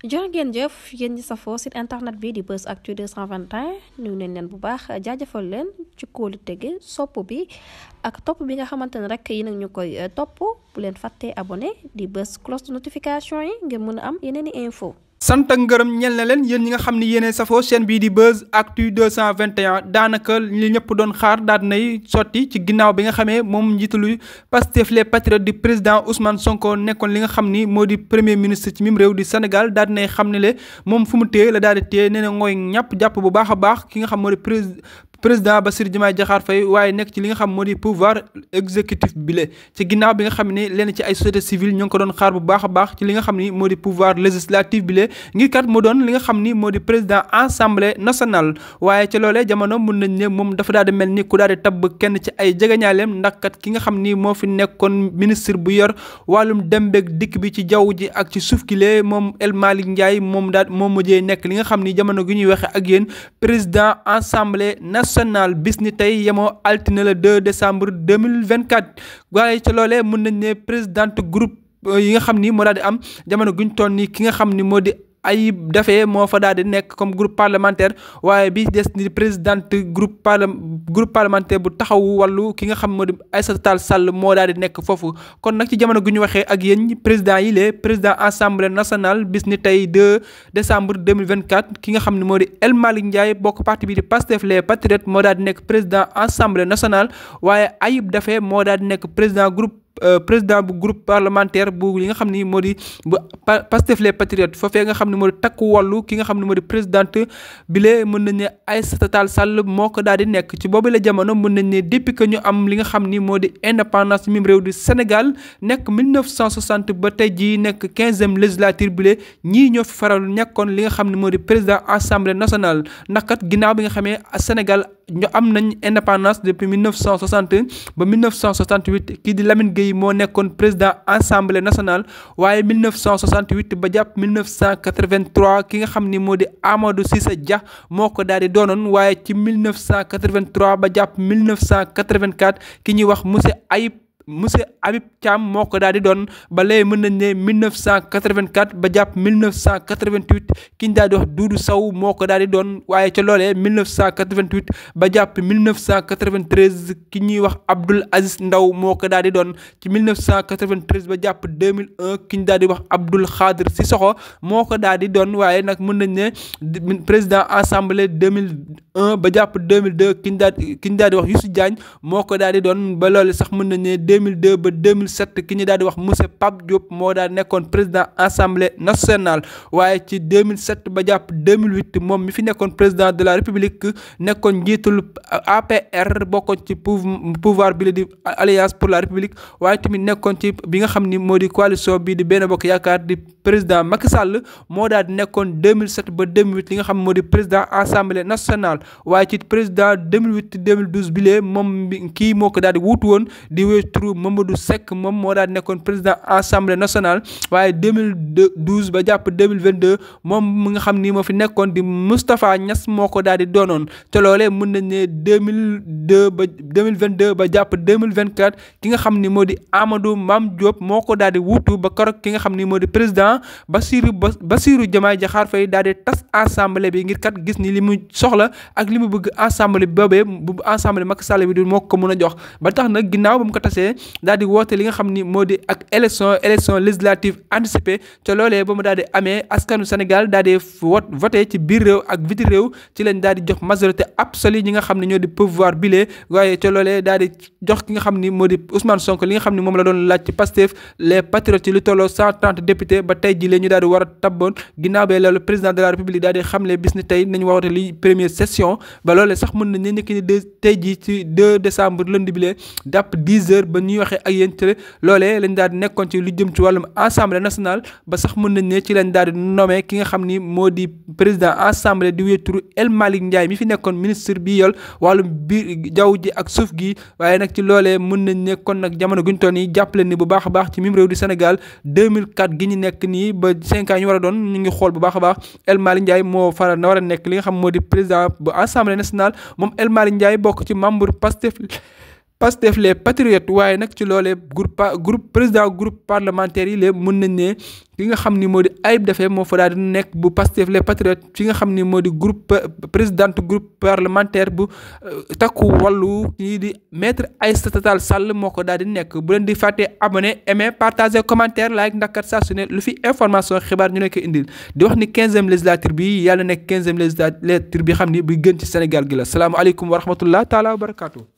jërë ngeen jëf yéen ñi safoo site internet bi di Buzz Actu 221 nuyu nañ leen bu baax jaajëfal leen ci kóolu tege sopp bi ak topp bi nga xamante ne rek yi nag ñu koy eh, topp bu leen fàttee abone di bës cloche de notification yi ngeen mën a am yeneen i info sant ak ngërëm ñel na leen yéen ñi nga xam ne yéenee safoo seen bii di Buzz Actu 221 daanaka li ñëpp doon xaar daal nay sotti ci ginnaaw bi nga xamee moom njiitalu Pastef les patriotes di président Ousmane Sonko nekkoon li nga xam ni moo di premier ministre ci mim réew di Sénégal daal nay xam ne le moom fu mu téye la daal di téye nee na ngooy ñàpp jàpp bu baax a baax ki nga xam moo di président Bassirou Diomaye Diakhar Faye waaye nekk ci li nga xam moo di pouvoir exécutif bi ci ginnaaw bi nga xam ne lenn ci ay société civile ñu ngi ko doon xaar bu baax a baax ci li nga xam ni moo di pouvoir législatif bi la ngir kat mu doon li nga xam ni moo di président assemblée nationale waaye ca loolee jamono mun nañ ne moom dafa daal di mel ni ku daal di tabb kenn ci ay jegeñaaleem ndax kat ki nga xam ni moo fi nekkoon ministre bu yor wàllum dem beeg dikk bi ci jaww ji ak ci suuf kilee moom El Malick Ndiaye moom daal moom mujjee nekk li nga xam ni jamono gi ñuy waxe ak yéen président assemblée nationale nationale bis ni tey yemoo altine la 2 décembre deux vingt 2024 waaye ca loolee mën nañ ne présidente groupe euh, yi nga xam ni moo daal di am jamono guñ toll nii ki nga xam ni moo di ay dafee moo fa daal di nekk comme groupe parlementaire waaye bi des ni présidente groupe parle groupe parlementaire bu taxawu wallu ki nga xam moo di Aïssata Tall Sall moo daal di nekk foofu kon nag ci jamono gu ñu waxee ak yéen président yi lee président assemblée nationale bis ni tey 2 décembre 2024 ki nga xam ne moo di El Malick Ndiaye bokk parti bi di Pastef les patriotes moo daal di nekk président assemblée nationale waaye Ayib Daffé moo dal di nekk président groupe Euh, président bu groupe parlementaire bu li nga xam ni moo di bu Pastef les patriotes foofee nga xam ne moo di takku wàllu ki nga xam ne moo di présidente bi lee mën nañ ne Aïssata Tall Sall moo ko daal di nekk ci boobu la jamono mën nañ ne depuis que ñu am li nga xam ni moo di indépendance mim réew di Sénégal nekk 1960 ba tey jii nekk 15e législature bi lee ñii ñoo fi faral nekkoon li nga xam ne moo di président assemblée nationale ndax kat ginnaaw bi nga xamee Sénégal ñu am nañ indépendance depuis 1961 ba 1968 kii di Lamine Gueye moo nekkoon président assemblée nationale waaye 1968 ba jàpp 1983 ki nga xam ni moo di Amadou Cissé Dia moo ko daal di doonoon waaye ci 1983 ba jàpp 1984 ki ñuy wax monsieur Ayib. monsieur Habib Thiam moo ko daal di doon ba léegi mën nañ ne 1984 ba jàpp 1988 ki ñu daal di wax Doudou saw moo ko daal di doon waaye ca loolee 1988 ba jàpp 1993 ki ñuy wax Abdoul Aziz Ndaw moo ko daal di doon ci 1993 ba jàpp 2001 ki daal di wax Abdoul Khadir Sissoko moo ko daal di doon waaye nag mën nañ ne président assemblée 2001 ba jàpp 2002 ki ñu daal ki ñu daal di wax Youssou Diagne moo ko daal di doon ba loolee sax mën nañ ne 2002 ba 2007 ki ñu daal di wax monsieur Pape Diop moo daal nekkoon président assemblée nationale waaye ci 2007 ba jàpp 2008 moom mi fi nekkoon président de la république nekkoon njiitul APR bokkoon ci pouvoir bi la di alliance pour la république waaye tamit nekkoon ci bi nga xam ni moo di coalition bii di benn bokk yaakaar di président Macky Sall moo daal di nekkoon 2007 ba 2008 li nga xam moo di président assemblée nationale waaye ci président 2008 2012 bi lee moom kii moo ko daal di wuutu woon Bassirou Mamadou Seck moom moo daal nekkoon président assemblée nationale waaye 2012 ba jàpp 2022 moom mu nga xam ni moo fi nekkoon di Moustapha Niass moo ko daal di doonoon te loolee mën nañ ne 2002 ba 2022 ba jàpp 2024 ki nga xam ni moo di Amadou Mame Diop moo ko daal di wuutu ba keroog ki nga xam ni moo di président Bassirou Bassirou Diomaye Diakhar Faye daal di tas assemblée bi ngir kat gis ni li mu soxla ak li mu bëgg assemblée boobee bu assemblée Macky Sall bi du moo ko mën a jox ba tax nag ginnaaw ba mu ko tasee loolee daal di woote li nga xam ni moo di ak élection élection législative anticipée ca loolee ba mu daal di amee askanu Sénégal daal di wot vote ci biir réew ak biti réew ci lañ daal jox majorité absolue ñi nga xam ne ñoo di pouvoir bile waaye ca loolee daal jox ki nga xam ni moo di Ousmane Sonko li nga xam ni moom la doon laaj ci Pastef les patriotes ci lu tolloo 130 députés ba tey ji la ñu daal di war a tabboon ginnaaw bee loolu président de la république daal di xamle bis ni tey nañu woote li première session ba loolee ba ñuy waxee ak yéen tëre loolee lañ daal di nekkoon ci lu jëm ci wàllum assemblée national ba sax mën nañ ne ci lañ daal di nommé ki nga xam ni moo di président assemblée di wéeturu El Malick mi fi nekkoon ministre bi yol wàllum biir jaww ji ak suuf gi waaye nag ci loolee mën nañ ne nag jamono guñ toll nii jàppale ni bu baax a baax ci mim réew di Sénégal 2004 gi ñu nekk nii ba 5 war a ñu ngi xool bu baax a baax El Malick moo faral na war nekk li nga xam moo di président bu assemblée nationale moom El Malick bokk ci membre Pastef Pastef fle patriotes waaye nag ci loolee groupe groupe président groupe parlementaire yi lépp mën na ne ki nga xam ni moo di Ayib Daffé moo fa daal di nekk bu Pastef les patriotes fi nga xam ni moo di groupe présidente groupe parlementaire bu euh, takku wàllu kii di maître Aïssata Tall Sall moo ko daal di nekk bu leen di fàtte abonné aimé partagé commentaire like ndax kat saa su ne lu fi information xibaar ñu nekk indil di wax ni 15e législature bi yàlla nekk 15e législature bi xam ni gën ci Sénégal gi la salaamaaleykum wa rahmatullah taala